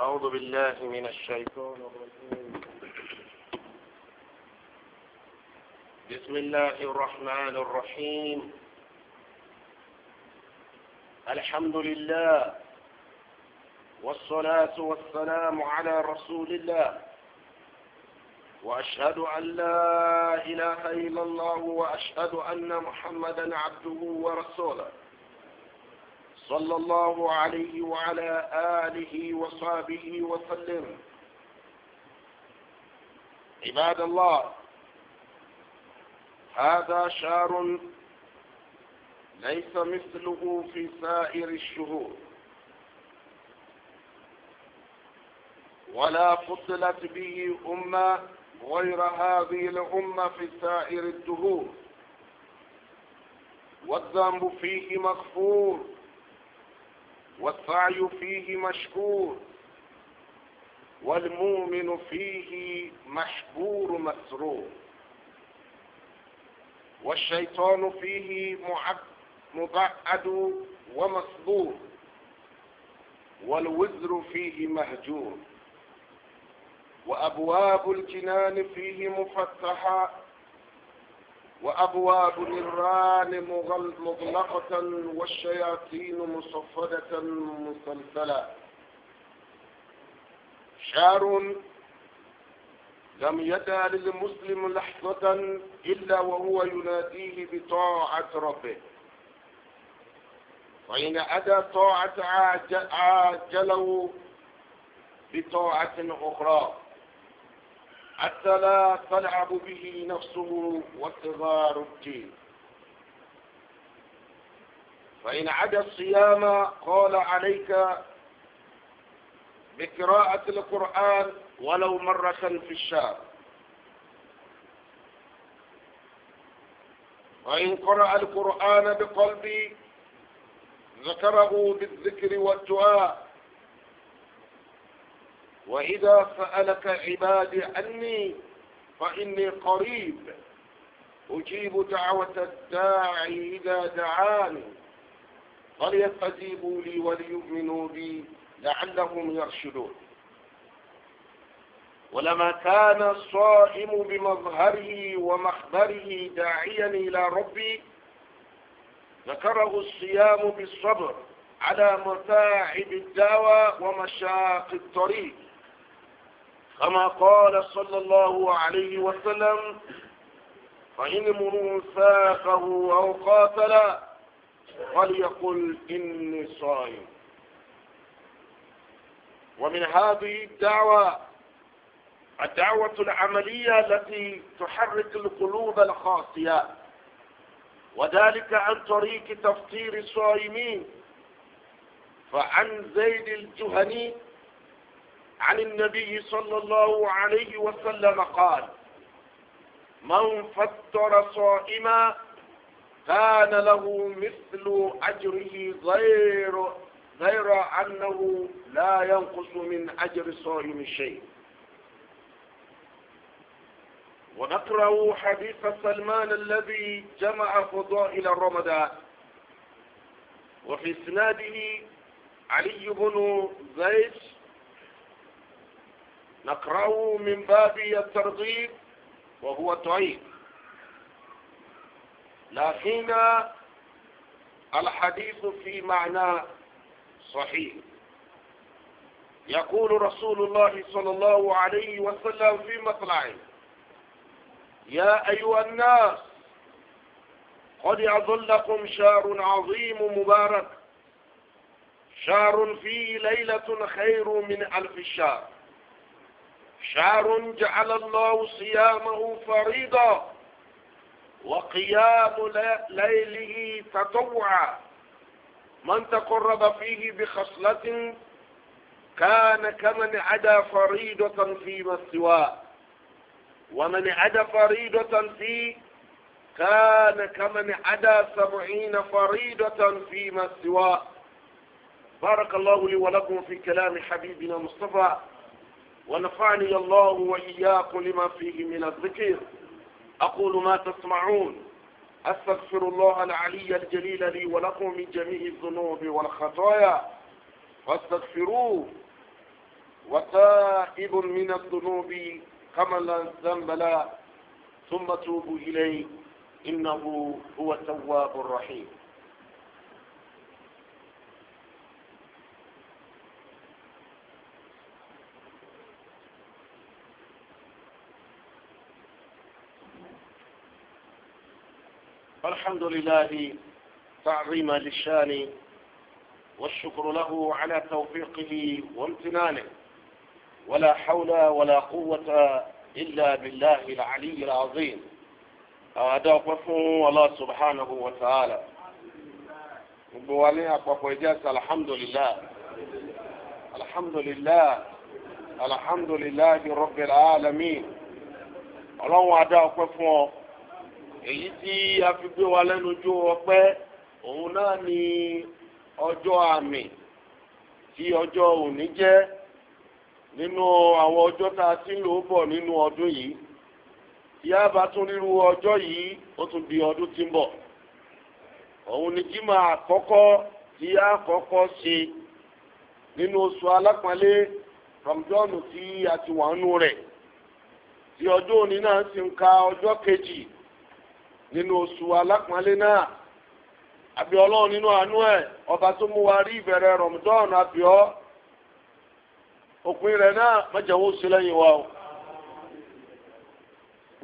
أعوذ بالله من الشيطان الرجيم بسم الله الرحمن الرحيم الحمد لله والصلاة والسلام على رسول الله وأشهد أن لا إله إلا الله وأشهد أن محمدا عبده ورسوله صلى الله عليه وعلى آله وصحبه وسلم عباد الله هذا شهر ليس مثله في سائر الشهور ولا فضلت به أمة غير هذه الأمة في سائر الدهور والذنب فيه مغفور والسعي فيه مشكور والمؤمن فيه مشكور مسرور والشيطان فيه مبعد ومصبور والوزر فيه مهجور وأبواب الجنان فيه مفتحة وأبواب نيران مغلقة والشياطين مصفدة مسلسلة شعر لم يدع للمسلم لحظة إلا وهو يناديه بطاعة ربه وإن أدى طاعة عاجله بطاعة أخرى حتى لا تلعب به نفسه وصغار الدين فإن عدا الصيام قال عليك بقراءة القرآن ولو مرة في الشهر وإن قرأ القرآن بقلبي ذكره بالذكر والدعاء وإذا سألك عبادي عني فإني قريب أجيب دعوة الداعي إذا دعاني فليستجيبوا لي وليؤمنوا بي لعلهم يرشدون ولما كان الصائم بمظهره ومخبره داعيا إلى ربي ذكره الصيام بالصبر على متاعب الدواء ومشاق الطريق كما قال صلى الله عليه وسلم فإن مروا ساقه أو قاتل فليقل إني صائم ومن هذه الدعوة الدعوة العملية التي تحرك القلوب الخاصية وذلك عن طريق تفطير الصائمين فعن زيد الجهني عن النبي صلى الله عليه وسلم قال من فطر صائما كان له مثل أجره غير غير أنه لا ينقص من أجر الصائم شيء ونقرأ حديث سلمان الذي جمع فضائل رمضان وفي اسناده علي بن زيد نقرأه من باب الترغيب وهو تعيب لكن الحديث في معنى صحيح يقول رسول الله صلى الله عليه وسلم في مطلعه يا أيها الناس قد أظلكم شهر عظيم مبارك شهر فيه ليلة خير من ألف شهر شهر جعل الله صيامه فريضا وقيام ليله تطوعا من تقرب فيه بخصلة كان كمن عدا فريضة فيما سواه ومن عدا فريضة فيه كان كمن عدا سبعين فريضة فيما سواه بارك الله لي ولكم في كلام حبيبنا مصطفى ونفعني الله وإياكم لما فيه من الذكر أقول ما تسمعون أستغفر الله العلي الجليل لي ولكم من جميع الذنوب والخطايا فاستغفروه وتائب من الذنوب كما لا ذنب لا ثم توبوا إليه إنه هو التواب الرحيم الحمد لله تعظيما للشان والشكر له على توفيقه وامتنانه ولا حول ولا قوة إلا بالله العلي العظيم أدعوكم الله سبحانه وتعالى بوالي أقوى الحمد لله الحمد لله الحمد لله رب العالمين الله أدعوكم èyí tí a fi gbé wa lẹ́nu jó ọpẹ́ òun náà ni ọjọ́ àmì tí ọjọ́ òní jẹ́ nínú àwọn ọjọ́ tá a ti ń lò ó bọ̀ nínú ọdún yìí tí a bá tún ríru ọjọ́ yìí ó tún di ọdún tí ń bọ̀ òun ni jimá àkọ́kọ́ tí a kọ́kọ́ ṣe nínú oṣù alápọ̀nlé rọ̀mùdọ́ọ̀nù tí a ti wà nù rẹ̀ tí ọjọ́ òní náà sì ń ka ọjọ́ kejì nínú oṣù alápọ̀nlé náà àbí ọlọ́run nínú àánú ẹ̀ ọba tó mú wa rí ìbẹ̀rẹ̀ rọ̀mùdọ́ọ̀nù àbíọ́ òpin rẹ̀ náà wa o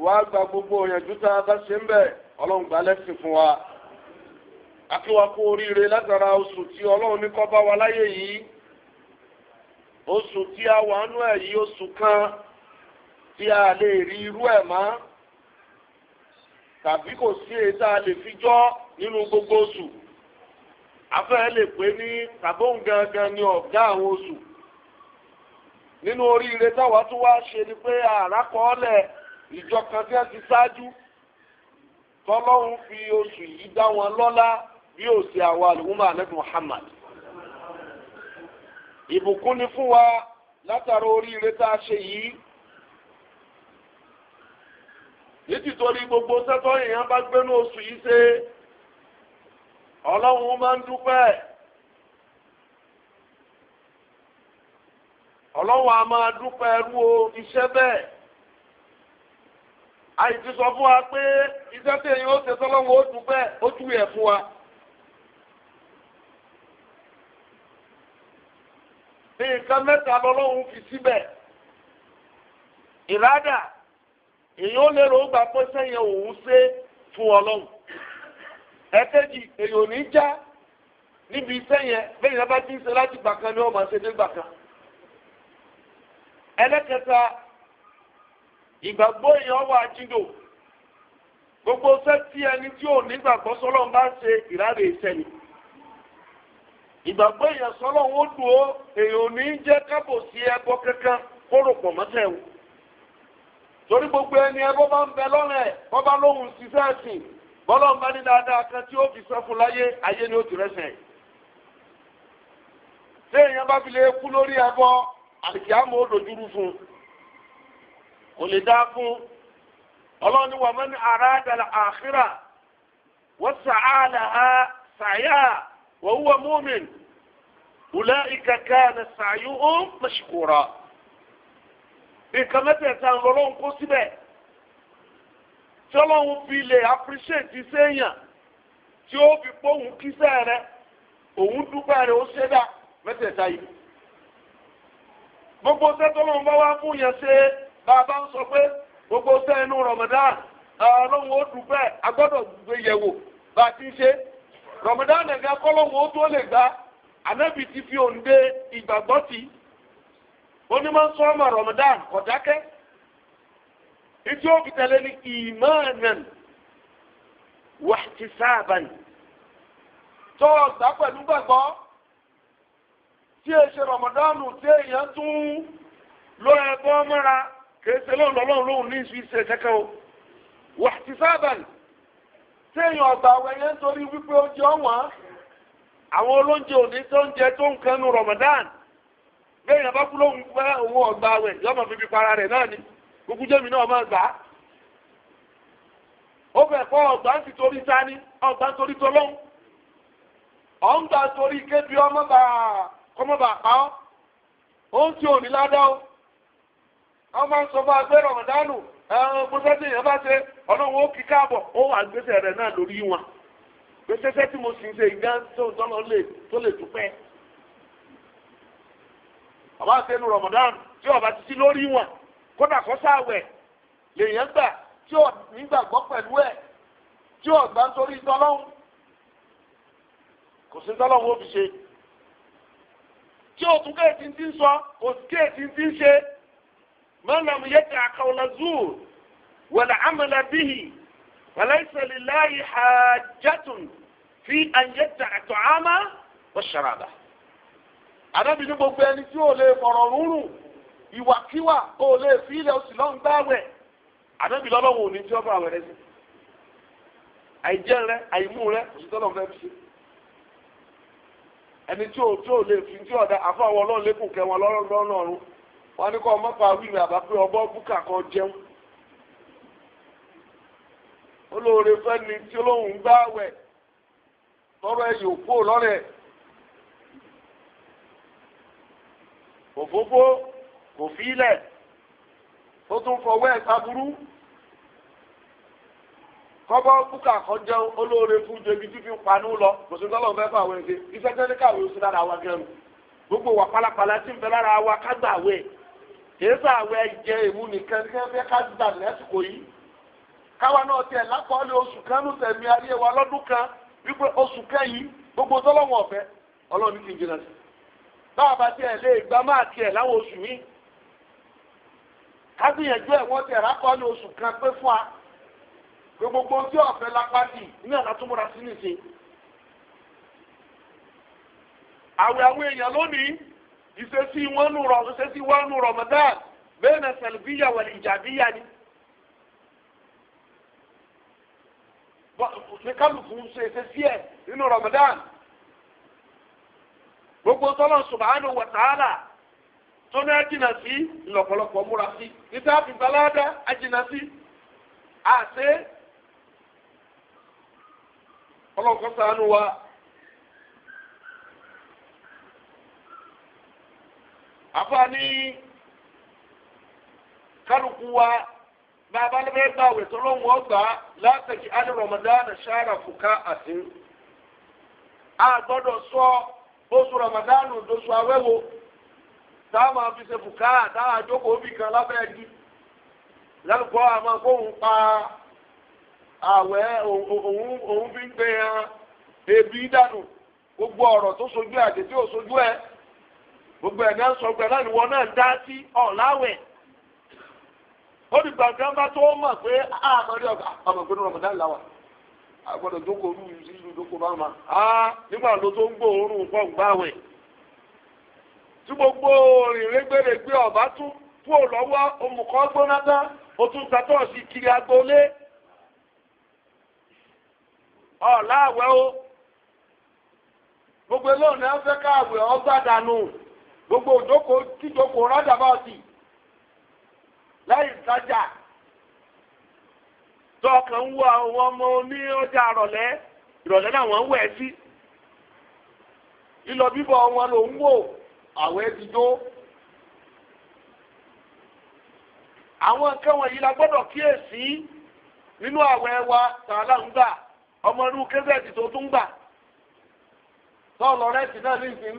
wà á gba gbogbo òyìnbó tá a bá ṣe ń bẹ̀ ọlọ́run lẹ́sìn fún wa akíwa kú oríire látara oṣù tí ọlọ́run ní bá wa láyé yìí oṣù tí a wà nú ẹ̀ yìí oṣù kan tí a lè rí irú ẹ̀ tàbí kò sí èyí tá lè fi jọ́ nínú gbogbo oṣù afẹ́ lè pè ní tàbóhùn gangan ní ọ̀gá àwọn oṣù nínú oríire táwa tún wá ṣe ni pé àràkọọ́lẹ̀ ìjọ kan tí wọ́n ti fi oṣù yìí dá wọn lọ́lá bí ó ṣe àwa àlùmọ́ Muhammad ni fún wa látara oríire tá a ṣe nítorí gbogbo sẹ́tọ́ èèyàn bá gbénú oṣù yìí ṣe ọlọ́run máa ń dúpẹ́ ọlọ́run a máa dúpẹ́ ẹrú iṣẹ́ bẹ́ẹ̀ àìsí sọ fún wa pé iṣẹ́ tí èèyàn ó ṣe sọ́lọ́run ó dúpẹ́ ó júwe ẹ̀ fún wa. nǹkan mẹ́ta lọ́lọ́run fi síbẹ̀ ìrádà. èyí ó lérò ó gba pé sẹ́yìn òun ṣe fún ọlọ́run ẹ̀kẹ́jì èyàn ò ní já níbi sẹ́yìn bẹ́ẹ̀ bá ti ń ṣe láti gbà kan ni wọ́n ṣe gbà kan ẹlẹ́kẹta ìgbàgbọ́ wà jíndò gbogbo ṣẹ́ tí ẹni tí ò sọ́lọ́run bá ṣe ìráre ìṣẹ̀lẹ̀ ìgbàgbọ́ ó dùn ó ò ní jẹ́ kábòsí ẹgbọ́ kankan kó rò torí gbogbo ẹni ẹ bó bá ń bẹ lọ́rùn ẹ bó bá lóhùn ṣiṣẹ́ ẹ̀sìn bọ́lá ń bá ní dáadáa kan tí ó fi sọ fún láyé ayé ni ó ti rẹ́sẹ̀. ṣé èèyàn bá fi lè kú lórí ẹbọ àlìkíyàmọ́ òdòdúrú fún un kò lè dá fún un ọlọ́run ni wà mọ́ ní arada al-akhirah wa sa'a laha sa'yaha wa huwa mu'min ulaika kana sa'yuhum mashkura. nǹkan mẹ́tẹ̀ẹ̀ta ń lọ́lọ́run kó síbẹ̀ tí ọlọ́run fi lè appreciate tí ó fi póhùn kíṣẹ́ rẹ òun dúpẹ́ rẹ ó ṣe dá yìí gbogbo sẹ́tọ́lọ́run bá wá fún yẹn ṣe bàbá ń sọ pé gbogbo inú Ramadan ọlọ́run ó dúpẹ́ agbọ́dọ̀ gbé ti ń ṣe Ramadan nìkan ó tó lè gbá ti onímọ̀ sọ́mọ̀ Ramadan kọ̀dákẹ́ ìtí ó fi tẹ̀lé ní ìmọ̀ọ̀nàn wàhtisaban tó ọ̀gbà pẹ̀lú tí è ṣe Ramadan tí èèyàn tún ló ẹbọ mọ́ra kìí ṣe lóun lọ́lọ́run ní ìṣú ìṣe kẹ́kẹ́ o wàhtisaban tí èèyàn ọ̀gbà wẹ̀yẹ́ nítorí wípé oúnjẹ ọ̀wọ́n àwọn olóúnjẹ òní tó ń jẹ tó ń kẹnu Ramadan. bẹ́ẹ̀ yaba bá kú lóhun pẹ́ òun ọ̀gbà rẹ̀ fi fi para rẹ̀ náà ni kúkú jẹ́mi náà máa gbà á. ó fẹ́ kọ́ ọ̀gbà ń ti torí sani ọ̀gbà ń torí tọ́lọ́hún torí kébi pa ọ́ ó tí òní ládá ó máa ń sọ fún agbẹ́rọ̀ ọ̀dánù ẹ̀ẹ́dẹ́gbẹ́sẹ̀ tí èèyàn bá ṣe ọlọ́run ó kí káàbọ̀ ó wà gbèsè rẹ̀ náà lórí wọn gbèsè tí mo sì àbá sẹ́nu Ramadan tí ọba ti sí lórí wọn kódà kó sáwẹ̀ lèèyàn gbà tí ò nígbàgbọ́ pẹ̀lú ẹ̀ tí ò gbà nítorí tọ́lọ́hún kò sí tọ́lọ́hún ó fi ṣe tí ò tún kéètì ti ń sọ kò sí kéètì ti ń ṣe mọ́nàmù yẹ kí àkàwọ̀lá zuur wala amala bihi walaysa hajjatun fi an yatta'a ta'ama wa sharaba àdàbí ní gbogbo ẹni tí ò lè fọ̀rọ̀ rúrùn ìwàkíwà ò lè fi ilẹ̀ oṣù lọ́n gbáwẹ̀ àdàbí lọ́lọ́wọ́ òní tí ọba àwẹ̀rẹ̀ sí àìjẹ́ rẹ àìmú rẹ oṣù tọ́lọ̀ fẹ́ fi ẹni tí ò tí ò lè fi tí ọ̀dà àfọwọ́ ọlọ́run lékùn kẹ́ wọn lọ́rùn lọ́rùn wọn ní kọ́ ọmọ pa wíwẹ̀ àbá pé ọbọ̀ búkà kan jẹun olóore fẹ́ni tí olóhùn gbáwẹ̀ lọ́rọ̀ ẹ̀ òfófó kò fi ilẹ̀ ó tún fọwọ́ ẹ̀ sábúrú kọ́bọ́ búkà kan jẹ́ olóore fún jẹbi fi panú lọ kòsí tọ́lọ̀ fẹ́ fún àwọn tẹ́lẹ̀ gbogbo wà pálapàla tí ń bẹ lára wa ká wẹ̀ kèésà àwẹ̀ jẹ èmu nìkan kẹ́fẹ́ ká na lẹ́sìkò yìí káwa náà tiẹ̀ oṣù kan ló ayé wa lọ́dún kan gbogbo ọ̀fẹ́ ọlọ́run kì í jìnnà sí báwa bá tiẹ̀ lè gbá máa tiẹ̀ láwọn oṣù yìí ká gbìyànjú ẹ̀ wọ́n tiẹ̀ rákọ́ ní oṣù kan pé fún wa pé gbogbo ojú ọ̀fẹ́ lápáàdì ní ọ̀nà tó múra sí nìṣe. àwẹ̀ àwọn èèyàn lónìí ìṣesí wọn nù rọ ìṣesí wọn nù Ramadan bẹ́ẹ̀ náà sẹ̀lbíyà wal ìjàbíyà ni. ní kálukú ṣe ìṣesí ẹ̀ nínú gbogbo tọ́lọ̀ subhanahu wa ta'ala tó ní ajínà sí lọ́pọ̀lọpọ̀ múra sí níta àfìgbàládá ajínà sí àṣẹ ọlọ́kọ́ sànù wa. àfààní kálukú wa bàbá lẹ́bẹ̀ẹ́ gbà wẹ̀ tó lóun ọgbà látàkì alẹ́ Ramadan ṣáàrà fúkà àti a gbọ́dọ̀ sọ. So, oṣù rọmọdánù lóṣù awẹ́wo táwọn máa fi ṣe bùkárà táwọn àjókòó bì kan lábẹ́ ẹni lálùkọ́ àmọ́ kóhùn pa àwẹ̀ òun fi ń gbé ya ebi dànù gbogbo ọ̀rọ̀ tó sojú àti tí ò sojú ẹ̀ gbogbo ẹ̀ náà sọ pé láti wọn náà dá sí ọ̀làwẹ̀ ó tó mọ̀ pé ah, àmọ́ agbọ́dọ̀ dókòó rú ìlú dókòó bá ma á nígbà tó tó ń gbòòórùn gbọ̀ngbàwẹ̀ tí gbogbo ìrégbèrègbè ọ̀bá tún kúrò lọ́wọ́ omùkọ́ gbóná tán o tún kiri agboolé ọ̀làwẹ̀ o gbogbo eléyìí náà fẹ́ káàwé gbogbo òjókòó tíjókòó rádàbọ̀ọ̀sì lẹ́yìn sájà. tọkàn ń wo àwọn ọmọ oní ọjà rọ̀lẹ́ ìrọ̀lẹ́ náà wọ́n ń wẹ̀ sí lílọ bíbọ̀ wọn ló ń wò àwẹ̀ ti dó àwọn nǹkan wọ̀nyí la gbọ́dọ̀ kíyèsí nínú àwẹ̀ wa tààlà ń gbà ọmọ irú kẹ́sẹ̀tì tó tún gbà náà ní ìsìn inú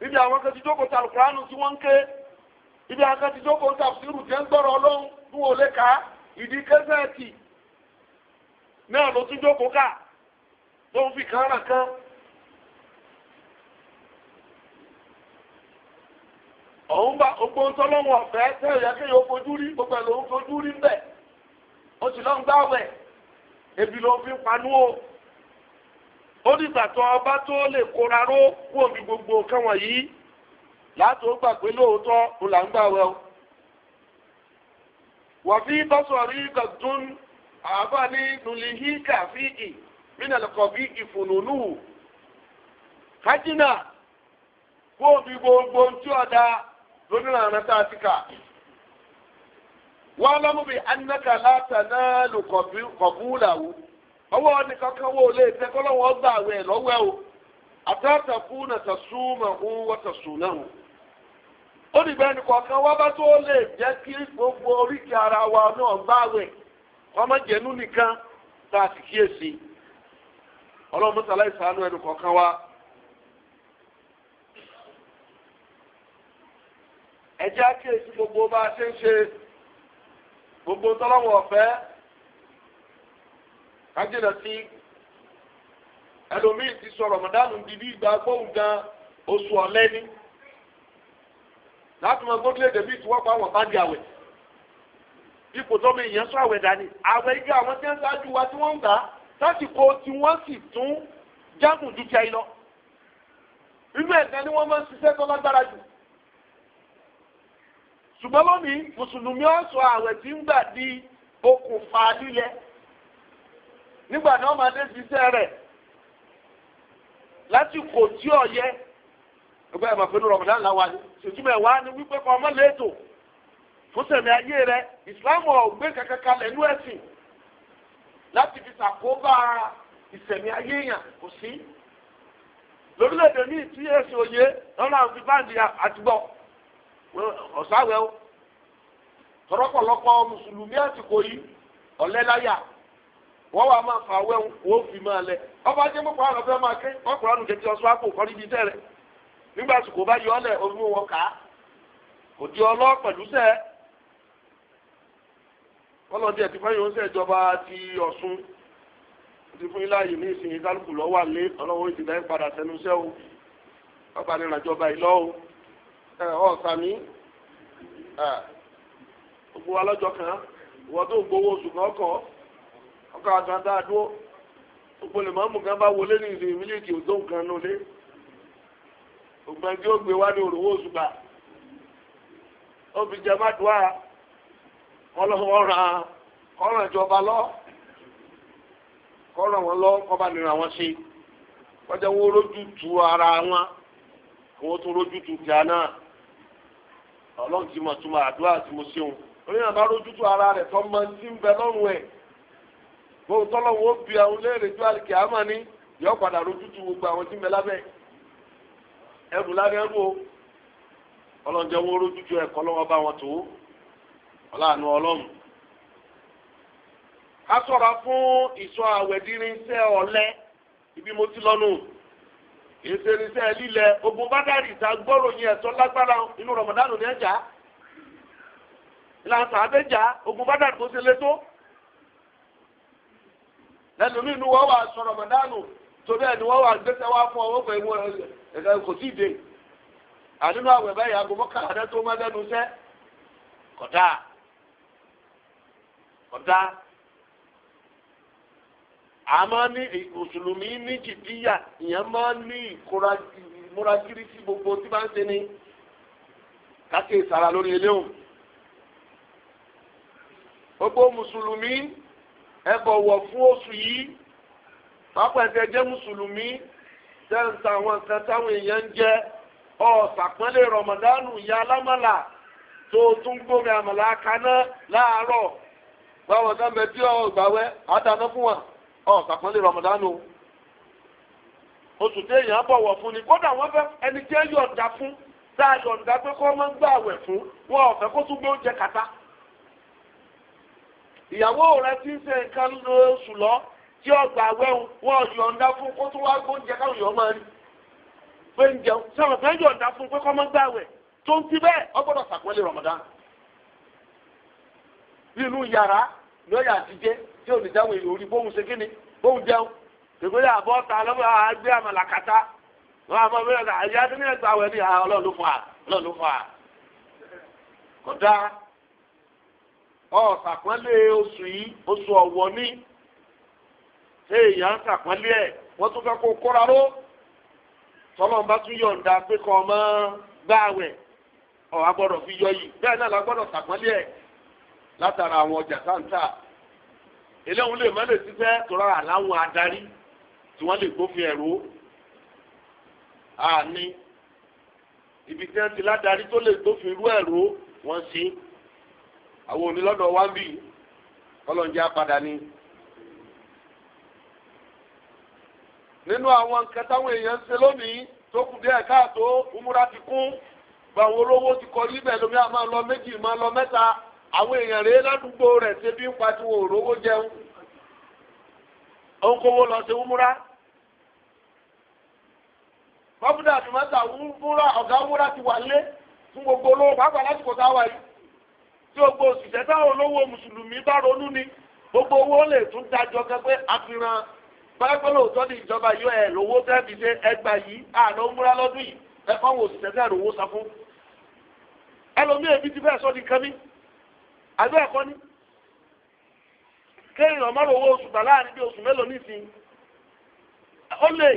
níbi àwọn ibi akẹ́tì tó kó tàbísírù jẹ́ ń gbọ́rọ̀ ọlọ́run ní wọlé ká ìdí kẹ́sẹ̀tì náà ló tún jókòó ká tó ń fi kan ràn kan. òun bá gbogbo ń tọ́lọ́wọ̀n ọ̀fẹ́ tẹ́ ìyá kéèyàn ó rí gbogbo ẹ̀ lòún fojú rí ń bẹ̀ ó sì lọ́n gbáwẹ̀ ebi ló fi ń panú o ó dìgbà tó ọba tó lè kóra ró kú òbí gbogbo nǹkan wọ̀nyí. láti ó gbà pé lóòótọ́ ó là ń gbà wẹ̀ o. wàfí bọ́sọ̀rí gàdún àbá ní nùlìhí kàfíì mínàlùkọ̀bí ìfùnùnù kájínà gbogbo tí ọ̀dà lónìí àrùn tá a ti kà wọ́n lọ́mú bí anáka látàná lò kọ̀búlàwù ọwọ́ nìkankan wo lè tẹ́kọ́ lọ́wọ́ gbà wẹ̀ lọ́wọ́ o àtàtà fún nàtàsúmọ̀ ń wọ́tàsùn náà. ó dìgbà ẹnì kọ̀ọ̀kan wá bá tó lè jẹ́ kí gbogbo oríkì ara wa náà gbáwẹ̀ ọmọ nìkan tá a sì kíyèsí ọlọ́run mọ́sálá ìsàánú kọ̀ọ̀kan wa. ẹ gbogbo bá a ṣe ń ṣe gbogbo tọ́lọ́wọ̀ ọ̀fẹ́ kájínà sí ẹlòmíì ti sọ rọ̀mọ̀dánù di ìgbà gbóhùn gan oṣù láti mọ gbókìlẹ̀ dèmí ìtúwọ́pọ̀ àwọn bá di àwẹ̀ ipò tó mi yẹn sọ àwẹ̀ dání àwẹ̀ igi àwọn tí ń ṣáájú wa tí wọ́n ń gbà sásìkò tí wọ́n sì tún jágùn ju tiẹ̀ lọ inú ẹ̀sán ni wọ́n máa ń ṣiṣẹ́ tó lágbára jù ṣùgbọ́n lónìí mùsùlùmí ọ̀sọ̀ àwẹ̀ tí ń gbà di okùnfà lílẹ̀ nígbà náà máa dé ṣiṣẹ́ rẹ̀ lásìkò tí ọ̀yẹ́ ẹgbẹ́ ẹ̀mọ̀ pẹ̀lú rọ̀mọ̀dán làwọn àti ṣèjúmọ̀ ẹ̀wá ni wípé kọ́ ọmọ lẹ́tọ̀ fún sẹ̀mí ayé rẹ islam ọ̀gbé kankan kalẹ̀ nú ẹ̀sìn láti fi ṣàkóbá ìsẹ̀mí ayé yàn kò sí. lórílẹ̀‐èdè ní ìtí ẹ̀sìn òye lọ́nà àwọn fi báńdì ọ̀sáwẹ̀ o tọ́rọ́pọ̀lọpọ̀ mùsùlùmí àsìkò yìí wọ́n wá máa fà wọ́n fi máa lẹ̀ nígbà sùkò bá yọ ọlẹ orí wọn kà á kò di ọlọ pẹ̀lú sẹ kọlọdí ẹtì fẹyìn oúnjẹ ìjọba ti Ọ̀ṣun ti fún yín láàyè ní ìsìn kálukú lọ wà lé ọlọ́wọ́ ìdìbò ẹ̀ padà sẹ́nu iṣẹ́ o ọba ní ìrìnàjọba ìlọ o ẹ ọ̀sàmí ẹ gbogbo wa lọ́jọ́ kan ìwọ tó gbowó oṣù kan kọ ọkọ̀ àgbàdo àdúró gbogbo lè máa mú kan bá wọlé ní ìsìn mílíkì òdó nǹkan nulẹ̀ ògbọ́n tí ó gbé wá ní òrùwó òṣùpá ó fi jẹ mádùá kọ́lọ́wọ́ ràn kọ́ràn ìjọba lọ kọ́ràn wọn lọ kọ́ba nira wọn ṣe kọjá wọn rójú tu ara wọn kí wọn tún rójú tu tìá náà ọlọ́run ti mọ̀ túmọ̀ àdúrà tí mo ṣeun orí àbá rójú tu ara rẹ̀ tọ́ mọ tí ń bẹ lọ́rùn ẹ̀ gbogbo tọ́lọ́wọ́ ó àwọn léèrè ju àlìkè àmọ́ ni yọ padà rójú gbogbo àwọn tí ń bẹ lábẹ́ ẹrù lára ẹrù o ẹ̀kọ́ lọ́wọ́ bá wọn tó ọlọ́run. ká sọ̀rọ̀ fún ìsọ àwẹ̀dírinṣẹ́ ọ̀lẹ ibi mo ti lọ́nu ìṣèrinṣẹ́ lílẹ̀ ogun bádàrí ìta gbọ́rò ẹ̀tọ́ lágbára inú rọ̀mọ̀dánù ní ẹ̀já ìlànà àbẹ́jà ogun bádàrí kò ṣe lé tó lẹ́nu mi torí ẹni wọ́n wà gbẹ́sẹ̀ wá fún ọwọ́ pẹ̀lú ẹ̀ka kò tí ì dé àdínú àwẹ̀ báyìí aago mọ́kànlá rẹ tó má lẹ́nu iṣẹ́ kọ̀dá kọ̀dá àmọ́ ní mùsùlùmí ní jìdíyà ìyẹn máa ń ní ìkóra ìmúra gírí sí gbogbo tí bá ń ṣe ni káké sara lórí eléhùn gbogbo mùsùlùmí ẹ bọ̀wọ̀ fún oṣù yìí pápá ẹ̀sẹ̀ jẹ́ mùsùlùmí tẹ́ǹtà àwọn nǹkan táwọn èèyàn ń jẹ ọ̀sàpọ́nlé ìyá tó tún gbómi àmàlà kaná láàárọ̀ báwọn bẹ tí ọgbàwẹ́ àdáná fún wa ọ̀sàpọ́nlé rọ̀mọ̀dánù oṣù tí èèyàn bọ̀wọ̀ fún ni kódà wọ́n fẹ́ ẹni tí ẹ yọ̀ǹda fún tá a yọ̀ǹda pé kó máa ń fún wọn ọ̀fẹ́ kó tún gbé oúnjẹ kàtá ìyàwó rẹ ti tí ọgbà wẹ́hùn wọn yọ̀ǹda fún kó tó wá gbóúnjẹ káwọn yọ̀ máa rí pé ń jẹun sọ̀rọ̀ fẹ́ yọ̀ǹda fún pé kọ́ máa ń gbàwẹ̀ tó ń ti bẹ́ẹ̀ ọ gbọ́dọ̀ sàpẹ́lẹ̀ Ramadan nínú yàrá lọ́yà àtijẹ́ tí ò ní dáwọ̀ èrò orí bóun ṣe kíni bóun jẹun ìgbélé àbọ̀ ta lọ́wọ́ àgbẹ̀ àmàlàkàtà wọn àmọ́ mi ọ̀dà àyà tó ní ẹgbàá wẹ̀ ní ah, Ọlọ́run ló fún wa Ọlọ́run ló fún wa kódà ọ̀ sàpẹ́lẹ̀ oṣù yìí oṣù ọ̀wọ̀ ní ṣé èèyàn ń sàpọ́nlé ẹ̀ wọ́n tún fẹ́ kó kóra ró tọ́lọ́n bá tún yọ̀ǹda pé kọ́ ọmọ gbáwẹ̀ ọ̀ agbọ́dọ̀ fi yọ yìí bẹ́ẹ̀ náà la gbọ́dọ̀ sàpọ́nlé ẹ̀ látara àwọn ọjà sáńtà eléwọn lè má lè ṣiṣẹ́ tọ́ra àláwọn adarí tí wọ́n lè gbófin ẹ̀rọ àní ibi tí wọ́n ti ládarí tó lè gbófin irú ẹ̀rọ wọ́n ṣe àwọn onílọ́dọ̀ wá ń bì ni. apàdánì. nínú àwọn nǹkan táwọn èèyàn ń ṣe lónìí tó kù díẹ̀ káàtó umura ti kún gbàwọn olówó ti kọ líbẹ̀ lómi àmọ́ lọ méjì máa lọ mẹ́ta àwọn èèyàn rèé ládùúgbò rẹ̀ ṣe bí ń pa jẹun òǹkówó lọ sí umura kọ́bùdà àti mọ́tà umura ọ̀gá umura ti wà lé fún gbogbo olówó pàápàá lásìkò táwa yìí tí gbogbo òṣìṣẹ́ táwọn olówó mùsùlùmí bá ronú ni gbogbo owó lè tún dájọ́ gẹ́gẹ́ àfihàn pẹ́ẹ́pẹ́ lóòótọ́ ní ìjọba yóò ẹ̀ lówó tẹ́ẹ̀bì ṣe ẹgbà yìí àná ń múra lọ́dún yìí ẹ̀kọ́ wo òṣìṣẹ́ náà lówó san fún. ẹlòmíì èmi ti fẹ́ sọ ní kẹ́mí àbí ẹ̀kọ́ ní. kéèyàn má lówó oṣù gbà láàrin bí oṣù mélòó nísìnyí. ó lè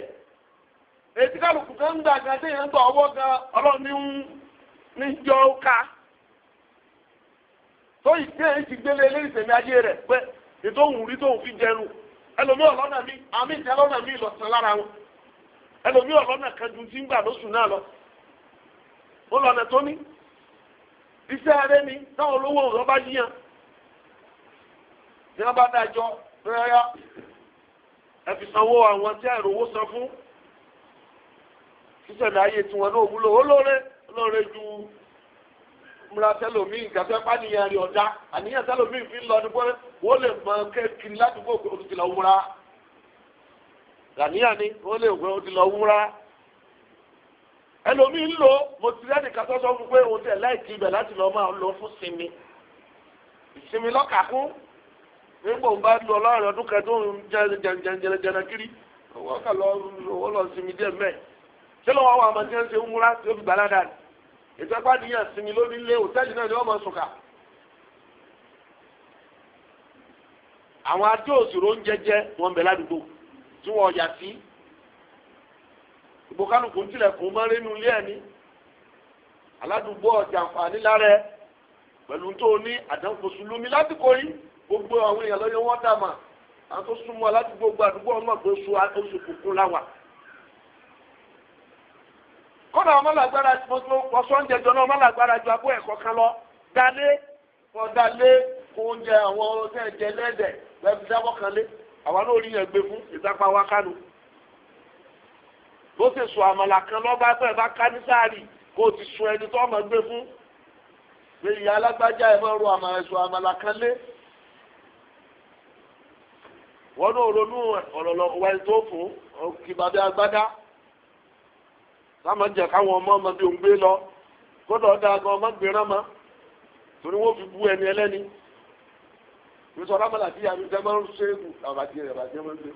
ètí kálukú ń gbà gan téèyàn ń gbà ọwọ́ gan ọlọ́ọ̀ni ń ẹlòmí ọlọ́nà mi àmì ìtẹ́ lọ́nà mi lọ́sàn lára wọn ẹlòmí ọlọ́nà kan ju ti ń gbà lóṣù náà lọ ó lọ́nà tó ní iṣẹ́ rẹ ni táwọn olówó ọ̀rọ̀ bá yíyan ní wọ́n bá dájọ́ rẹ́rẹ́ ẹ fi sanwó àwọn tí àìrówó san fún ṣíṣẹ̀dá ayé tiwọn náà wúlò ó lóore lóore ju múra tẹlomi nǹkan tó ẹpá nìyẹn rí ọjà àníyàn tẹlomi fi ń lọ ní pé wọ́n lè mọ kéèkiri ládùúgbò olùtìlọ wúra àníyàn ni wọ́n lè wọ olùtìlọ wúra ẹlòmí ń lò mo ti rẹ́ nìkan tó sọ fún pé òun tẹ̀ láìkí ibẹ̀ láti lọ máa lọ fún sinmi ìsinmi lọ́kà kún nígbà òun bá lu ọlọ́run ọdún kẹẹ̀ẹ́dógún jẹnjẹnjẹnjẹnjẹnjẹ kiri wọ́n kà lọ wọ́n lọ sinmi díẹ̀ mẹ́ẹ̀ ṣé àwọn àmọ́ tí wọ́n ṣe ń múra tí fi gbàládà ni ìtọ́pá nìyẹn sinmi lórí ilé òtẹ́ẹ̀lì náà ni wọ́n mọ̀ sùkà. àwọn adé òsòrò ń jẹjẹ wọn bẹ ládùúgbò tí wọn yà sí ìbòkálùkù ń tilẹ̀kùn mọ́ nínú ilé ẹ̀ ní aládùúgbò ọ̀jà àǹfààní lára ẹ̀ pẹ̀lú tó o ní àdánfò sùlùmí lásìkò yìí gbogbo àwọn èèyàn lọ́yọ́ wọ́n dà mà àwọn tó súnmọ́ aládùúgbò gbàdúgbò ọmọ pé oṣù kùkùn láwà kọ́nà ọmọ làgbára ọ̀sọ́ oúnjẹ jọ náà ọmọ làgbára ju abọ́ ẹ̀kọ́ kan lọ dalé kọ́ dalé kó oúnjẹ àwọn ọ̀sẹ̀ jẹ lẹ́dẹ̀ lẹ́bi dábọ́ kan lé àwọn náà yẹn gbé fún ìtàpá wa kánu. bó ṣe sùn àmàlà kan lọ́ba fẹ́ bá ká ní sáàrì kó o ti sun ẹni tó ọmọ gbé fún. pé ìyá alágbájá ẹ̀ máa ro àmàlà sùn àmàlà kan lé. wọ́n náà ronú ọ̀rọ̀ lọ́wọ́ tó fún kìbàbí sáma jẹ káwọn ọmọ ọmọ bíi òǹgbé lọ kódà ọdẹ agan ọmọ gbéra ma torí wọn fi bú ẹni ẹlẹni nítorí ọdọ abala bíi àmì sẹmọ ń ṣe èbù àbàtì rẹ àbàtì rẹ máa ń gbé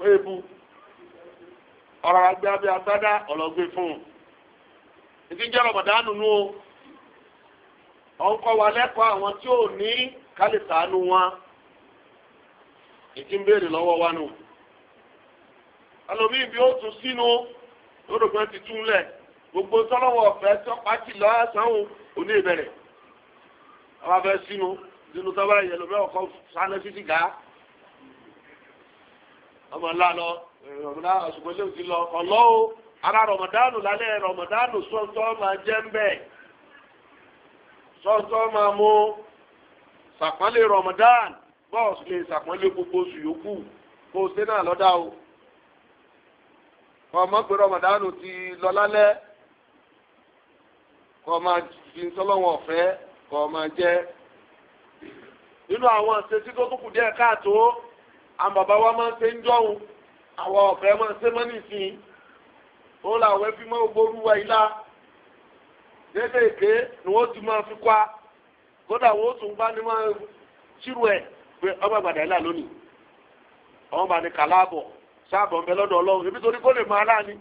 ó èbù ọ̀rọ̀ àgbẹ̀ abẹ́ agbádá ọlọgbẹ fún un ìdíjẹ rọmọdá nùnú o ọkọ wa lẹ́kọ̀ọ́ àwọn tí ò ní kálí sàánú wọn ìdí ń béèrè lọ́wọ́ wa nù. ẹlòmíì bí ó tún sínú lórúkọ ti tún gbogbo tọ́lọ́wọ́ ọ̀fẹ́ ti lọ́sàn-án òní ìbẹ̀rẹ̀ àwọn afẹ́ sínú sínú tọ́ba ìyẹlòmí ọkọ̀ sálẹ̀ sí sìgá ọmọ ńlá lọ ọmọdé àṣùgbọ́n lè ti lọ ọ̀lọ́ o ara rọ̀mọ̀dánù lálẹ́ rọ̀mọ̀dánù sọ́ńtọ́ máa jẹ́ ń bẹ̀ sọ́ńtọ́ máa mú sàpọ́nlé rọ̀mọ̀dánù bọ́ọ̀sì lè sàpọ́nlé gbogbo oṣù yòókù kó o ọmọ pé rọmọdánù ti lọ lálẹ́ kọ́ máa fi sọ́lọ́wọ́n ọ̀fẹ́ kọ́ máa jẹ́ nínú àwọn ṣètí tó kúkú díẹ̀ káàtó àwọn bàbá wa máa ń ṣe ń jọ́hun àwọn ọ̀fẹ́ máa ń ṣe mọ́ nìsín ó làwọn ẹbí máa ń gbóru wa ilá déédéèké ni wọ́n ti máa fi a kódà wọ́n tún bá ní máa ṣírò ẹ̀ pé ọmọ àgbàdà ilá lónìí ọmọ àgbàdà kàlábọ̀ sáàbọ̀ mẹ́ lọ́dọ̀ ọlọ́run ebi torí kó lè máa láàánú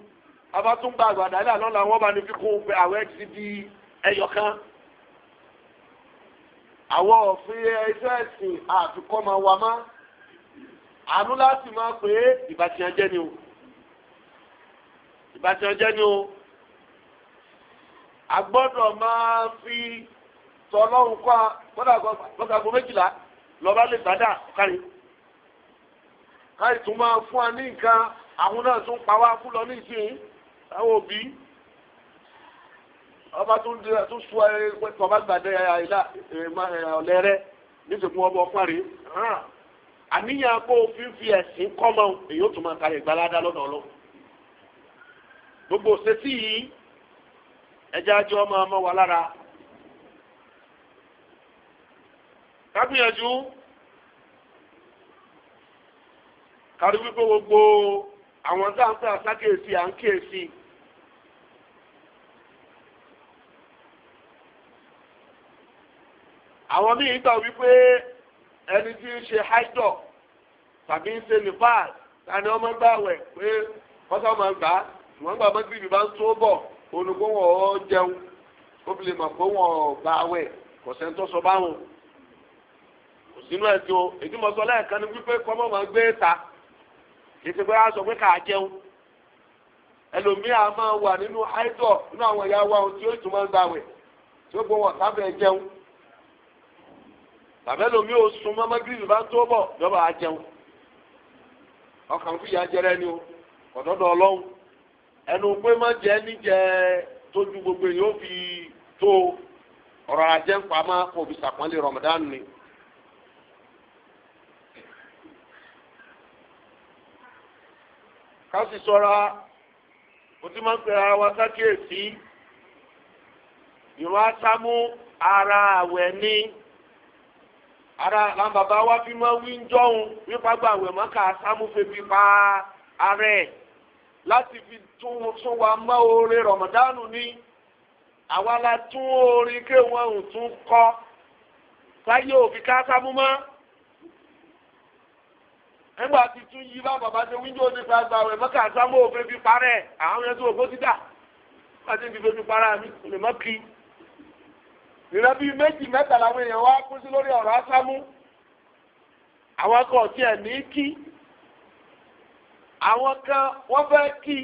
abatúngba àgbàdá ilé àlọ́ làwọn bá ní fi kún pé àwẹ̀ ti di ẹyọ kan àwọn òfin iṣẹ́ ẹ̀sìn àfikọ́ máa wà má àánú láti máa pé ìbátìyàn jẹ́ ni o ìbátìyàn jẹ́ ni o a máa fi tọ́lọ́hún kọ́ a gbọ́dọ̀ àgọ́ méjìlá lọ́ba lè gbádà kárí káyì tún máa fún wa ní nǹkan àwọn náà tún pa wá fún lọ ní ìsìn àwọn òbí ọba tún sọ ẹ ọba gbàdé ọlẹ́rẹ́ nítorí wọn bọ fáre àníyàn pé òfin fi ẹ̀sìn kọ́mọ èyí ó tún máa kárẹ̀ ìgbàládá lọ́dọ̀ ọlọ́ gbogbo òṣèṣì yìí ẹjẹ́ ajé ọmọ ọmọ wa lára kábíyànjú. kárí wípé gbogbo àwọn tá à ń pè àsákèésí à ń kíyèsí. àwọn míì gbà wípé ẹni tí ń ṣe háìdọ̀ tàbí ń ṣe nípaàs tani ọmọ gbàwẹ̀ pé kọ́sọ́ máa gbà á ṣùgbọ́n bàbá gbìyànjú bá ń tó bọ̀ olùkọ́ wọn ò jẹun obìnrin mọ̀ pé wọn ò bá wẹ̀ kò sẹ́ni tó sọ báwọn kò sínú ẹ̀ tó èdè mọ́sọ́ lẹ́ẹ̀kan ni wípé kọ́mọ́ máa gbé ta kìsì pé a sọ pé kà jẹun ẹlòmíà máa wà nínú àìdọ̀ nínú àwọn wa ohun tí ó tún máa ń gbàwẹ̀ tí ó gbọ́ wọn sábẹ́ jẹun tàbí ẹlòmíà ó sun mọ́mọ́ gírì bá ń tó bọ̀ lọ́ba á jẹun ọkàn fìyà jẹrẹ ni o ọ̀dọ́dọ̀ ọlọ́run ẹnu pé má jẹ níjẹ tójú gbogbo èèyàn ó fi tó ọ̀rọ̀ sàpọ́nlé ká sì sọ́ra mo ti máa ń wa sákìyèsí ìrún asámú ara àwẹ̀ ní ara làwọn bàbá wa fi máa wí ń jọ́hun wípé àgbà àwẹ̀ mọ́ ká asámú febi pa ara ẹ̀ láti fi tún wa mọ́ oore rọ̀mọ̀dánù ní àwa la tún orin kéwọn ò tún kọ́ sáyé òfin ká sámú mọ́ nígbà tí tún yí bá bàbá ṣe wíńdò nípa àgbà rẹ̀ mọ́kà sámú òfin fi parẹ́ àwọn yẹn tó o gbósí dà láti fi fi para mi lè mọ́ kí. ìrẹ́ bíi méjì mẹ́ta làwọn èèyàn wá kú sí lórí ọ̀rọ̀ ásámú àwọn kan tiẹ̀ ní kí àwọn kan wọ́n fẹ́ kí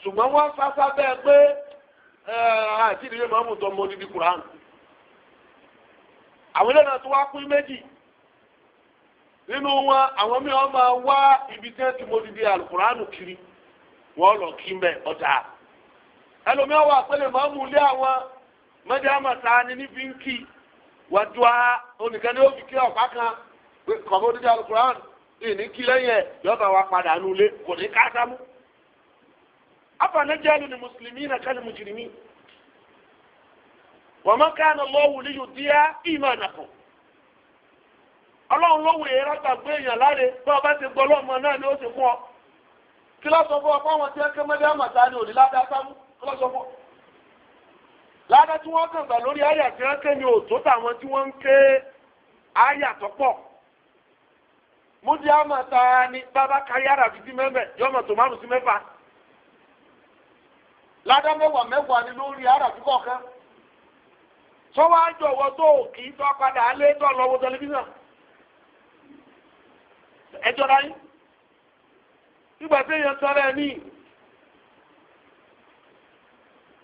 ṣùgbọ́n wọ́n sásá bẹ́ẹ̀ pé àti ìdílé mọ́mù tó mọ odidi kùránù. àwọn ilé náà tó wá kú méjì. nínú wọn àwọn mi wọn wá ibi ti mo dìde alukuraanu kiri wọn lọ kí mbẹ ọjà ẹlòmíọ́ wà pẹ́lẹ́ máa mú ilé àwọn ni níbi ń kì wá dùá onìkan ni ó kí ọ̀pá kan dìde alukuraanu ìní kí lẹ́yìn ẹ̀ yọba wa padà nù lé kò ní ká sámú. na ya ọlọ́run ló wèé rágbàgbé èèyàn láre bí ọba ti gbọ́ ọlọ́mọ náà ni ó ti fún ọ kí ló sọ fún ọ fáwọn tí ẹkẹ mẹ́lẹ́ àmàta ni òní ládàá sámú kí ló sọ fún ọ. ládàá tí wọ́n kàn gbà lórí àyà tí wọ́n ké ni òtó táwọn tí wọ́n ń ké àyà tó pọ̀ múdi àmàta ni bàbá kárí ara bíbí mẹ́mẹ́ yọmọ tó márùn sí mẹ́fà ládàá mẹ́wàá mẹ́wàá ni lórí ara bíbí kọ̀ọ̀kan sọ wá jọ̀wọ́ tó kì í tọ́ padà alẹ́ tọ́ lọ́wọ́ tẹlifíṣàn ẹ jọra yín nígbà tí èèyàn sọ̀rọ̀ ẹ̀ ní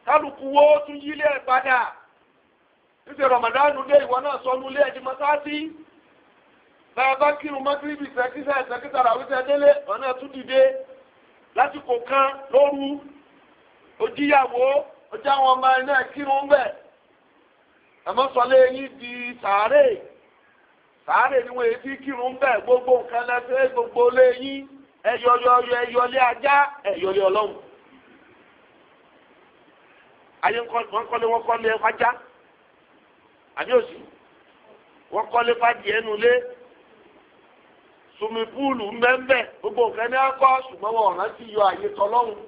kálukú wo tún yílé ẹ̀ padà níṣẹ́ Ramadan lé ìwọ náà sọnù lé ẹ̀dí mọ́sáàsì báyà bá kírun mọ́kìrìbì sẹ́kísà ìsẹ́kísà ràwísẹ́ délé ọ̀nà tún dìde lásìkò kan lóru ojíyàwó ojáwọn ọmọ ẹ̀ náà kírun ń bẹ̀ ẹ̀mọ́sọ̀lé yín di sàárè. sáré ni wọ́n èsì kírun bẹ́ẹ̀ gbogbo nǹkan lẹsẹ gbogbo lẹ́yìn ẹyọyọyọ ẹyọlé ajá ẹyọlé Ọlọ́run ayé wọn kọ́lé wọn kọ́lé fájá àbí wọn kọ́lé fájì ẹnu lé púùlù mbẹ́mbẹ́ gbogbo nǹkan ní ṣùgbọ́n wọn ti yọ tọ́lọ́run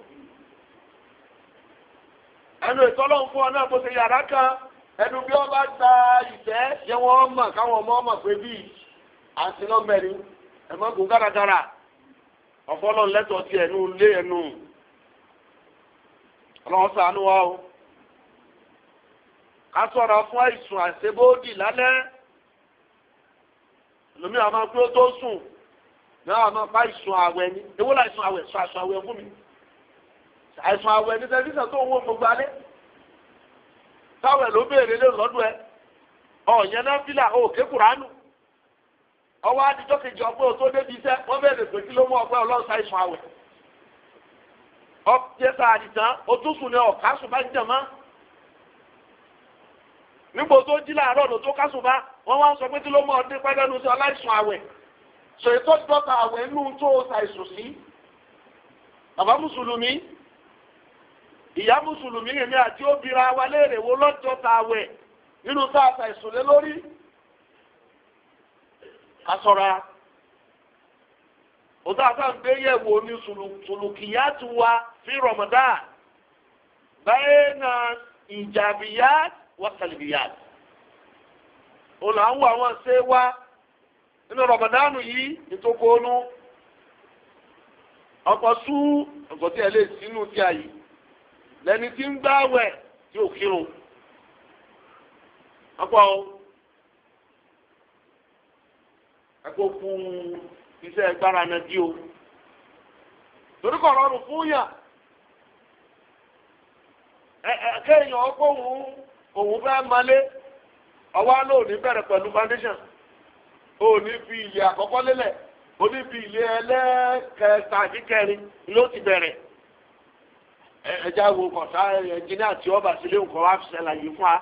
ẹnu ìtọ́lọ́run fún ọ náà bó ṣe yàrá kan ẹnu bí wọ́n bá ta ìtẹ́ yẹ wọ́n mọ̀ káwọn ọmọ ọmọ pé bíi àtìlọ́mẹ́ni ẹ̀mọ́gùn gàràgàrà ọ̀fọ́lọ́ lẹ́tọ̀ọ́ ti ẹnu lé ẹnu ọlọ́run ṣàánú wa o ká sọ̀rọ̀ fún àìsùn àṣebóòdì lálẹ́ lómi àwọn akpé tó sùn náà àwọn apá ìsùn àwẹ̀ ni ewúrẹ́ àìsùn àwẹ̀ sọ àìsùn àwẹ̀ fún mi àìsùn àwẹ̀ ní tẹlifíṣàn tó wọ gbogbo alẹ́. táwọn ẹ̀ ló béèrè e lọ́dún ẹ ọ̀yẹn náà fílà òkè kùránù ọwọ́ adijọ́ kejì ọgbọ́n tó débi iṣẹ́ wọ́n béèrè pé kí ló mú ọgbẹ́ ọlọ́ọ̀sá ìsùn àwẹ̀ ọ̀pẹ́sà àdìtàn òtúnṣù ni ọ̀ká sùn ń nígbò tó jí tó wọ́n wá ń sọ pé kí ló mú ọdún ìyá mùsùlùmí èmi àti obìnrin wa léèrè wo lọ́jọ́ nínú tá a lórí ìsòlé lórí kásọ̀ra òtá àtàǹgbéyẹ̀wò ní wa fi Ramadan báyìí na ìjàbíyá wa sàlìbíyá ó ń àwọn ṣe wá nínú Ramadan yìí ìtòkónú ọ̀pọ̀ sú ọ̀pọ̀ tí ẹ lè lẹni tí ń gbààwẹ̀ tí ò kírun ọ̀pọ̀ akókú iṣẹ́ agbára náà dí o torí kọ̀ rọrùn fún yà kéèyàn ọkọ òun òun fẹ́ malé ọwọ́ ló ní foundation ní fi ilé àkọ́kọ́ lélẹ̀ fi ilé àti ẹja wo kọ̀tà ẹnjìnà tí ọba sílé nǹkan wá fi ṣẹlẹ̀ yìí fún wa.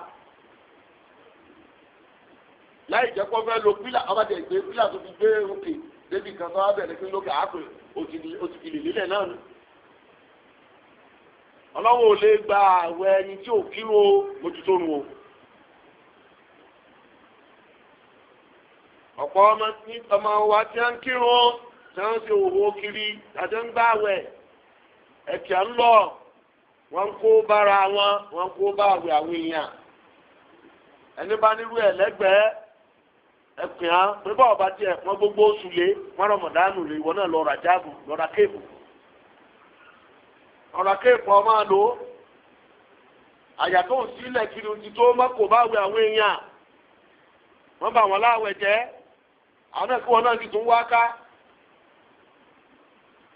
láì jẹ́ kó fẹ́ lo pílà ọba tẹ̀ gbé pílà tó fi gbé òkè débi kan tó wá bẹ̀rẹ̀ pé lókè àápè òtìkìlì lílẹ̀ náà ni. ọlọ́wọ́ ò lè gba àwẹ̀ ẹni tí ò kírun o mójútó nu o. ọ̀pọ̀ ọmọ ní ọmọ wa tí wọ́n ń kírun tí wọ́n ń ṣe òwò kiri àti ń gbàwẹ̀ ẹ̀kẹ́ ń lọ. wọ́n kó bára wọn wọ́n kó bá àwẹ̀ àwọn èèyàn ẹni bá nírú ẹ̀ lẹ́gbẹ̀ẹ́ ẹ̀pìn á pé báwo bá gbogbo oṣù lé wọ́n rọmọdánù lé ìwọ náà lọ ra jáàbù lọ ra kéèpù ọmọ àlò àyàtọ̀ sílẹ̀ kiri ti tó mọ́kò báwẹ̀ àwọn èèyàn wọ́n bá wọn láwẹ̀ jẹ́ àwọn náà kí wọn náà ti tún wá ká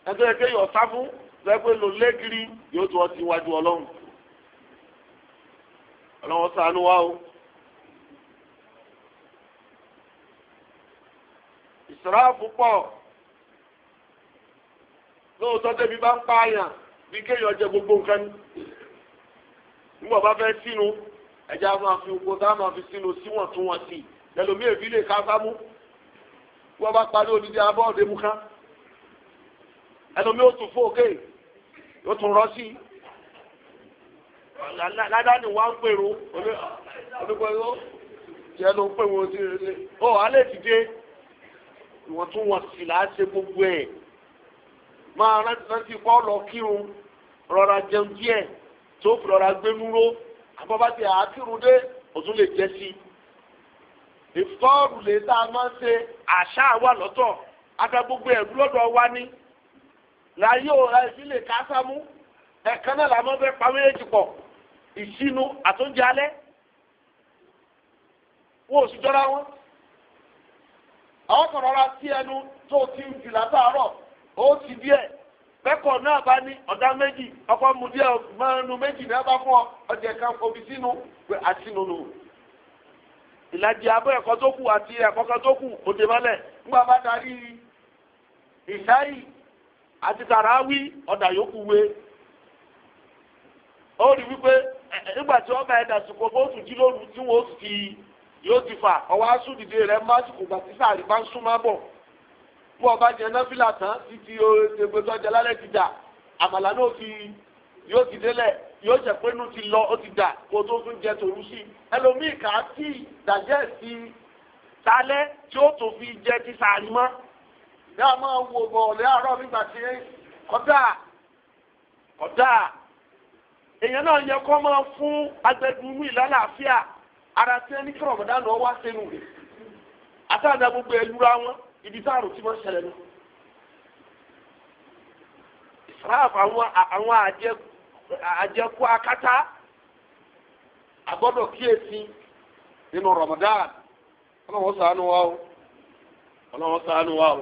ẹgbẹ́ ẹgbẹ́ sá sẹ́pẹ́ ló lẹ́gìrì yóò tún ọtí wájú ọlọ́run ọlọ́run ṣàánú wa o. ìsìráàfù pọ̀ lóòótọ́ débi bá ń pààyàn bí kéèyàn jẹ gbogbo nǹkan nígbà bá fẹ́ sínú ẹja máa fi oko tá a máa fi sínú síwọ̀ntúnwọ̀nsì ẹlòmíì èbí lè ká sámú wọ́n bá parí odidi abọ́ ọ̀dẹ́mú kan ẹlòmíì ó tún fún òkè. Okay yóò tún rọ sí ládàáni wá ń pèrò onígbọ̀nyó tiẹ̀ ló ń pè wọ́n sí rere ó alẹ́ ti dé ìwọ̀ntúnwọ̀nsì là á ṣe gbogbo ẹ̀ máa rántí rántí pọ́ọ̀lù kírun rọra jẹun díẹ̀ tó rọra gbénú ró àbọ̀bá àákírun dé òtún lè jẹ́ sí ìfọ́ọ̀rù lè tá a máa ń ṣe àṣà wà lọ́tọ̀ agbá gbogbo lọ́dọ̀ wa ní. la òra ìdílé kásámú ẹ̀kan náà làwọn fẹ́ pa méjèèjì pọ̀ ìṣínú àtúnjẹ alẹ́ wọn ò sì jọra wọn àwọn ti ń jù látàárọ̀ ó ti díẹ̀ bẹ́kọ̀ náà bá ní ọ̀dá méjì ọkọ̀ mu díẹ̀ mọ́nu méjì náà bá fún ọ ọjà kan omi sínú pé àtinú nù. ìlàjì abọ́ ẹ̀kọ́ tó kù àti ẹ̀kọ́ kan tó kù àti tàràwí ọ̀dà yòókù wé ó rí wípé nígbà tí ọba ẹ̀dà sùkò bó tún jí lóru tí wọ́n fi yóò ti fà ọwọ́ aṣọ dìde rẹ̀ má sùkò gbà tí sàrí bá ń súnmọ́ bọ̀ bí ọba jẹ náfìlà tán títí egbò tó jẹ lálẹ́ ti dà àmàlà náà fi yóò ti délẹ̀ yóò jẹ pé inú ti lọ ó ti dà kó tó tún jẹ tòru sí ẹlòmíì kà á tì dàjẹ́ sí talẹ́ tí ó tó fi jẹ ti sàrí mọ́. ní a máa wo bọ̀ ní àárọ̀ nígbà tí kọ́dà kọ́dà èèyàn náà yẹ kó máa fún agbẹ́dùnú ìlàlàáfíà ara tí ẹni kí rọ̀mọ̀dá lọ wá sínú rẹ̀ àtàdá gbogbo ẹlúra wọn ibi tá àrùn tí wọ́n ṣẹlẹ̀ lọ. ìsiraaf àwọn àjẹkù akátá àgbọ́dọ̀ kíyèsí nínú rọ̀mọ̀dá ọlọ́wọ́ ṣàánú wa o ọlọ́wọ́ ṣàánú wa o.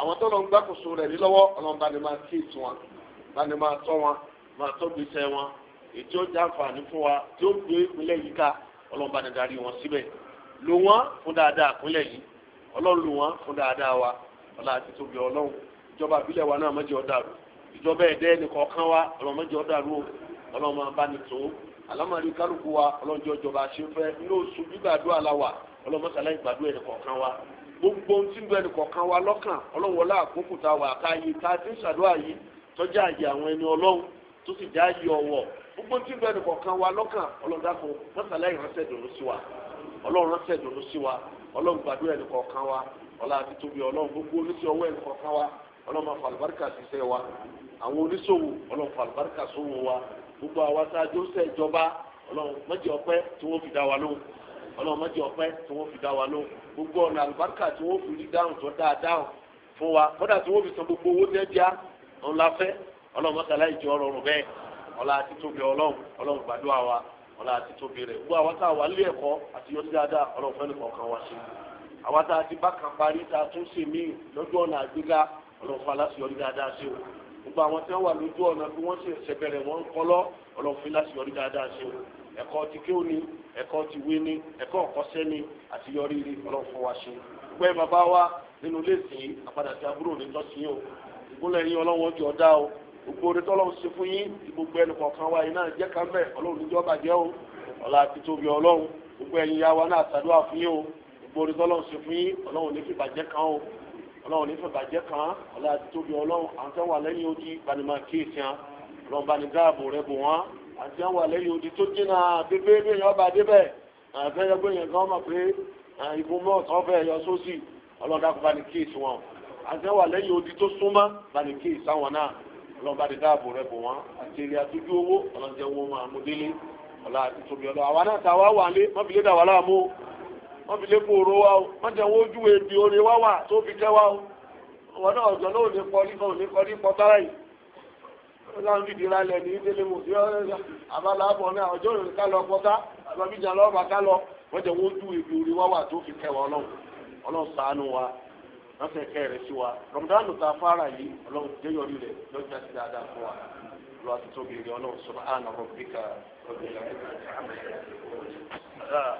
àwọn tó lọ ń gbàkóso rẹ̀ ní lọ́wọ́ ọlọ́run bá ní máa kí ìtù wọn bá ní máa tọ́ wọn máa tọ́ gbèsè wọn ètí ó jẹ́ àǹfààní fún wa tí ó gbé ìpínlẹ̀ yìí ká ọlọ́run bá ní darí wọn síbẹ̀ lò wọ́n fún dáadáa ìpínlẹ̀ yìí ọlọ́run lò wọ́n fún dáadáa wa ọlá àti tóbi ọlọ́run ìjọba ìbílẹ̀ wa náà má jẹ́ ìjọba ẹ̀dẹ́ nìkọ̀ọ̀kan wa ọlọ́run má jẹ́ ó bá gbogbo ohun tí ń bẹ nìkọ̀ọ̀kan wa lọ́kàn ọlọ́run wọlé àkókò tá a wà ká yí ká ti ń ṣàdúrà yìí tọ́jú àyè àwọn ẹni ọlọ́run tó sì já yí ọwọ́ gbogbo ohun tí ń bẹ nìkọ̀ọ̀kan wa lọ́kàn ọlọ́run dákun mọ́sálá ìránṣẹ́ dùnú sí wa ọlọ́run ránṣẹ́ dùnú sí wa ọlọ́run gbàdúrà ẹnìkọ̀ọ̀kan wa ọlá àti tóbi ọlọ́run gbogbo oníṣẹ́ ọwọ́ ẹnìkọ̀ọ̀kan wa ọlọ́run máa fa àlùbáríkà sí iṣẹ́ wa àwọn oníṣòwò ọlọ́run fa àlùbáríkà sówó wa gbogbo àwa tá a ìjọba ọlọ́run mọ́jì ọpẹ́ tí wọ́n fi dá wa lóhùn ọlọ́run mọ́jọ ọpẹ́ tí wọ́n fi dá wa lóhùn gbogbo ọ̀nà àlùbáríkà tí wọ́n fi rí dáhùn tó dáa dáhùn fún wa kódà tí wọ́n fi san gbogbo owó dẹ́bíà òun la fẹ́ ọlọ́run mọ́sálá ìjọ ọlọ́run bẹ́ẹ̀ ọlá àti tóbi ọlọ́run ọlọ́run gbàdúrà wa ọlá àti tóbi rẹ̀ gbogbo àwọn tá a wà lé ẹ̀kọ́ àti yọtí dáadáa ọlọ́run fẹ́ẹ́ nìkan kan wá ṣe àwọn tá a ti bá kan parí tá a tún ṣe míì lọ́jọ́ ọ̀nà àgbéga ọlọ́run fún aláṣeyọrí ẹ̀kọ́ ti kí ó ní ẹ̀kọ́ ti wé ní ẹ̀kọ́ ọ̀kọ́sẹ́ ní àti yọrí rí ọlọ́fun wa ṣe pẹ́ bàbá wa nínú léèsì àpadà tí àbúrò ní tọ́sí o ìgbóná ẹ̀yìn ọlọ́wọ́n jọ dá o gbogbo orí tọ́lọ́run ṣe fún yín gbogbo ẹnì kọ̀ọ̀kan wa yìí náà jẹ́ ká mẹ́ ọlọ́run níjọ́ bàjẹ́ o ọ̀la àti tóbi ọlọ́run gbogbo ẹ̀yin ya wa náà ṣàdúrà fún yín o gbogbo orí tọ́lọ́run ṣe fún yín ọlọ́run ní fìbàjẹ́ kan o ọlọ́run ní fìbàjẹ́ kan ọ̀la àti tóbi ọlọ́run àwọn àti àwọn àlẹ́yìn odi tó jìnnà bébé bí èèyàn bá débẹ̀ àfẹ́yẹ pé èèyàn kan mọ̀ pé ìbò mọ́ ọ̀tọ́ fẹ́ yọ sósì ọlọ́dà kó bá ní kíyèsí wọn àti àwọn àlẹ́yìn odi tó súnmọ́ bá ní kíyèsí àwọn náà ọlọ́ba ti dáàbò rẹ̀ bò wọ́n àti èrè àtújú owó ọlọ́jẹ́ owó máa mú délé àti tóbi ọlọ́ àwa náà ta wà wa o wọ́n jẹ́ wọ́n ojú ebi oore wá wà tó fi jẹ́ wa o ọ̀wọ́ náà ọ̀jọ̀ náà ò ní kọ́ ní kọ́ ní ọlọ́run fìdí ra lẹ̀ ní délé mu sí abala àbọ̀ náà ọjọ́ òní ká lọ pọ́tá àbábíjà lọ́ọ̀bà ká lọ wọ́n jẹ́ wọ́n dú ibi orí wáwà tó fi kẹwàá ọlọ́run ọlọ́run ṣàánú wa wọ́n fẹ́ kẹ́ rẹ̀ sí wa rọ̀mùdánù ta fara yìí ọlọ́run jẹ́yọrí rẹ̀ lọ́jà sí dáadáa fún wa lọ́ àti tóbi rẹ̀ ọlọ́run sọ̀rọ̀